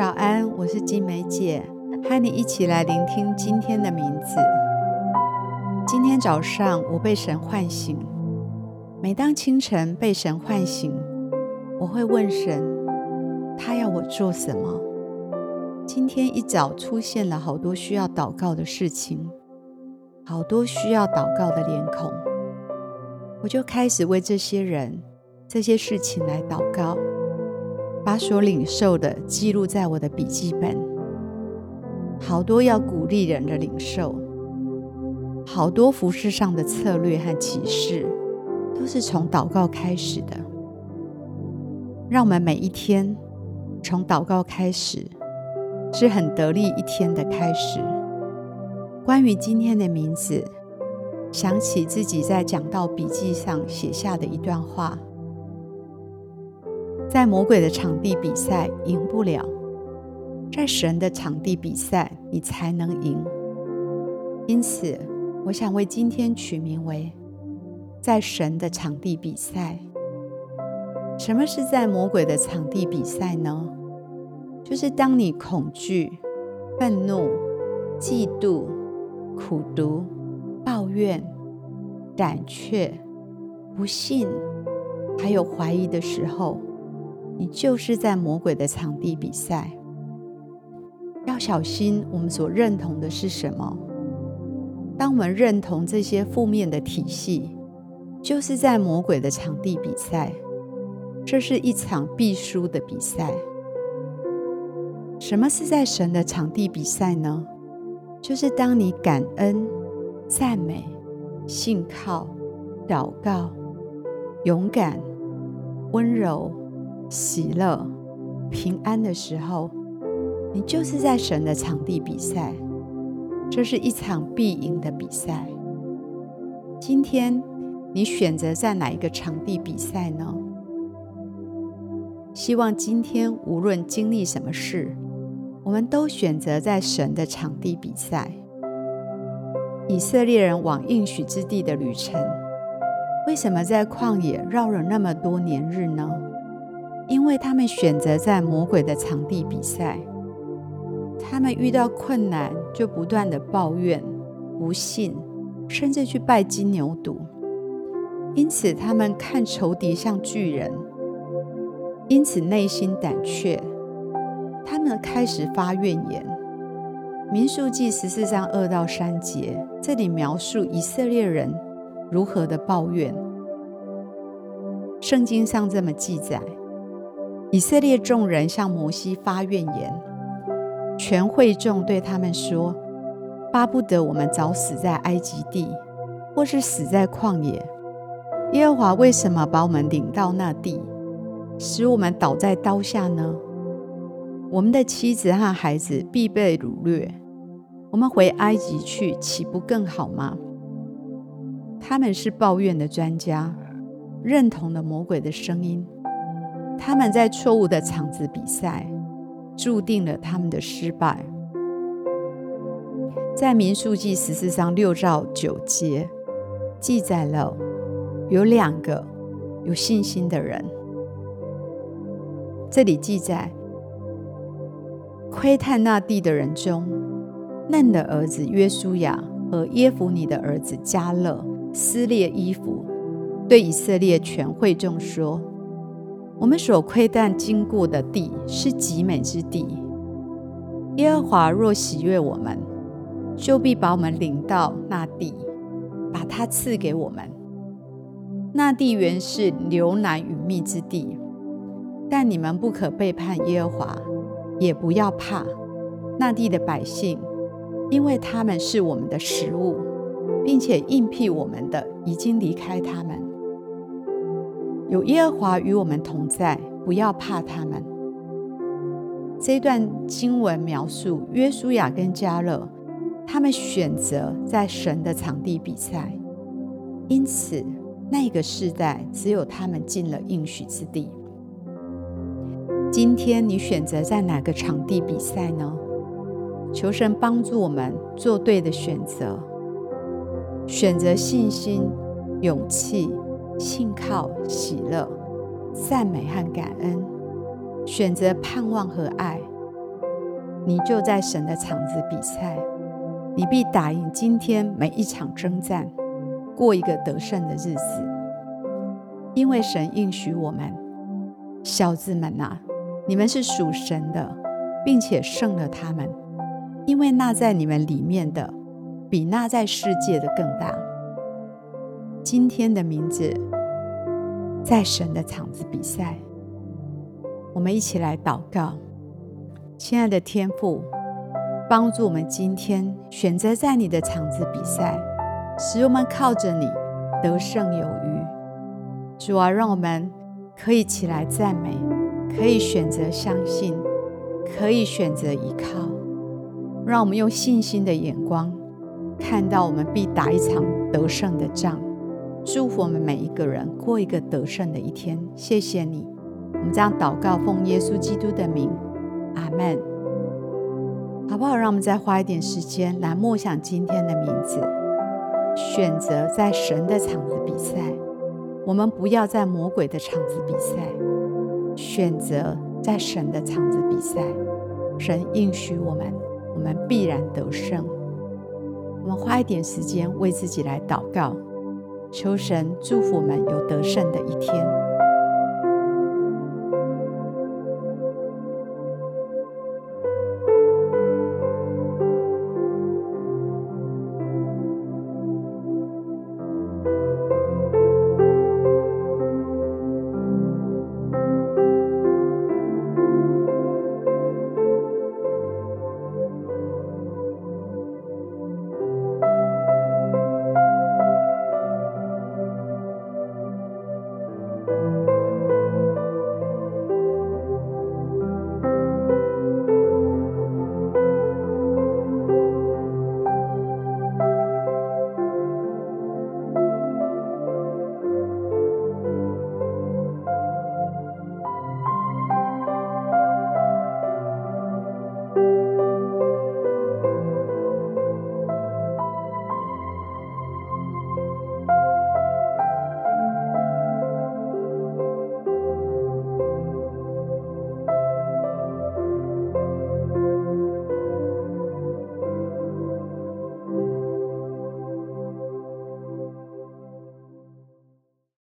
早安，我是晶玫姊，和你一起來聆聽今天的名字。今天早上我被神喚醒。每當清晨被神喚醒，我會問神，他要我做什麼？今天一早出現了好多需要禱告的事情，好多需要禱告的臉孔，我就開始為這些人、這些事情來禱告。把所領受的記錄在我的筆記本，好多要鼓勵人的領受，好多服事上的策略和啟示，都是從禱告開始的。讓我們每一天從禱告開始，是很得力一天的開始。關於今天的名字，想起自己在講道筆記上寫下的一段話。在魔鬼的場地比賽贏不了，在神的場地比賽你才能贏。因此，我想為今天取名為“在神的場地比賽”。什麼是在魔鬼的場地比賽呢？就是當你恐懼、憤怒、嫉妒、苦毒、抱怨、膽怯、不信，還有懷疑的時候。你就是在魔鬼的場地比賽，要小心我們所認同的是什麼。當我們認同這些負面的體系，就是在魔鬼的場地比賽，這是一場必輸的比賽。什麼是在神的場地比賽呢？就是當你感恩、讚美、信靠、禱告、勇敢、溫柔。喜樂、平安的時候，你就是在神的場地比賽，這是一場必贏的比賽。今天你選擇在哪一個場地比賽呢？希望今天無論經歷什麼事，我們都選擇在神的場地比賽。以色列人往應許之地的旅程，為什麼在曠野繞了那麼多年日呢？因為他們選擇在魔鬼的場地比賽，他們遇到困難就不斷的抱怨、不信，甚至去拜金牛犢。因此，他們看仇敵像巨人，因此內心膽怯。他們開始發怨言。民數記十四章二到三節，這裡描述以色列人如何的抱怨。聖經上這麼記載。以色列眾人向摩西發怨言，全會眾對他們說：“巴不得我們早死在埃及地，或是死在曠野。耶和華為什麼把我們領到那地，使我們倒在刀下呢？我們的妻子和孩子必被擄掠。我們回埃及去，豈不更好嗎？”他們是抱怨的專家，認同了魔鬼的聲音。他們在錯誤的場子比賽，注定了他們的失敗。在《民數記》十四章六到九節記載了，有兩個有信心的人。這裡記載，窺探那地的人中，嫩的兒子約書亞和耶孚尼的兒子迦勒撕裂衣服，對以色列全會眾說。我們所窺探經過的地是極美之地。耶和華若喜悅我們，就必把我們領到那地，把它賜給我們。那地原是流奶與蜜之地，但你們不可背叛耶和華，也不要怕那地的百姓，因為他們是我們的食物，並且蔭庇我們的已經離開他們。有耶和華與我們同在，不要怕他們。這段經文描述約書亞跟迦勒，他們選擇在神的場地比賽，因此那個世代只有他們進了應許之地。今天你選擇在哪個場地比賽呢？求神幫助我們做對的選擇，選擇信心、勇氣，信靠喜樂、讚美和感恩，選擇盼望和愛，你就在神的場子比賽，你必打贏今天每一場征戰，過一個得勝的日子。因為神應許我們，小子們吶、啊，你們是屬神的，並且勝了他們，因為那在你們裡面的，比那在世界的更大。今天的名字，在神的場地比賽，我們一起來禱告。親愛的天父，幫助我們今天選擇在你的場地比賽，使我們靠着你得勝有餘。主啊，讓我們可以起來讚美，可以選擇相信，可以選擇依靠，讓我們用信心的眼光，看到我們必打一場得勝的仗。祝福我們每一個人過一個得勝的一天。謝謝你，我們這樣禱告，奉耶穌基督的名，阿門。好不好？讓我們再花一點時間來默想今天的名字，選擇在神的場子比賽，我們不要在魔鬼的場子比賽，選擇在神的場子比賽。神應許我們，我們必然得勝。我們花一點時間為自己來禱告。求神祝福我們有得勝的一天。